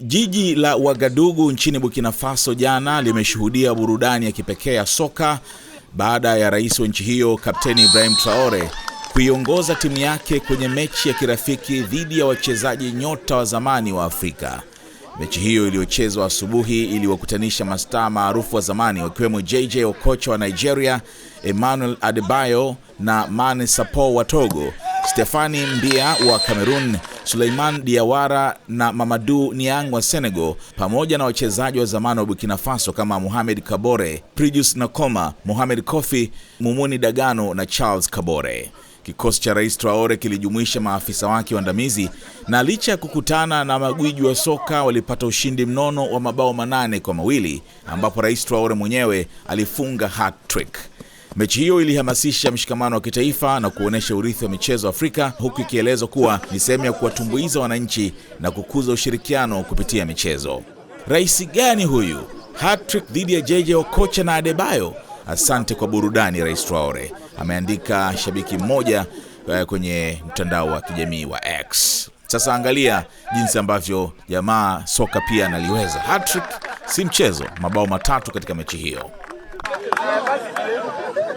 Jiji la Wagadugu nchini Burkina Faso jana limeshuhudia burudani ya kipekee ya soka baada ya rais wa nchi hiyo Kapteni Ibrahim Traore kuiongoza timu yake kwenye mechi ya kirafiki dhidi ya wachezaji nyota wa zamani wa Afrika. Mechi hiyo iliyochezwa asubuhi iliwakutanisha mastaa maarufu wa zamani wakiwemo JJ Okocha wa Nigeria, Emmanuel Adebayo na Mane Sapo wa Togo, Stefani Mbia wa Cameroon Suleiman Diawara na Mamadu Niang wa Senegal, pamoja na wachezaji wa zamani wa Burkina Faso kama Mohamed Kabore, Prius Nakoma, Mohamed Kofi, Mumuni Dagano na Charles Kabore. Kikosi cha Rais Traore kilijumuisha maafisa wake waandamizi na licha ya kukutana na magwiji wa soka walipata ushindi mnono wa mabao manane kwa mawili ambapo Rais Traore mwenyewe alifunga hat-trick. Mechi hiyo ilihamasisha mshikamano wa kitaifa na kuonyesha urithi wa michezo Afrika, huku ikielezwa kuwa ni sehemu ya kuwatumbuiza wananchi na kukuza ushirikiano kupitia michezo. Rais gani huyu? Hattrick dhidi ya JJ Okocha na Adebayo. Asante kwa burudani Rais Traore, ameandika shabiki mmoja eh, kwenye mtandao wa kijamii wa X. Sasa angalia jinsi ambavyo jamaa soka pia analiweza. Hattrick si mchezo, mabao matatu katika mechi hiyo.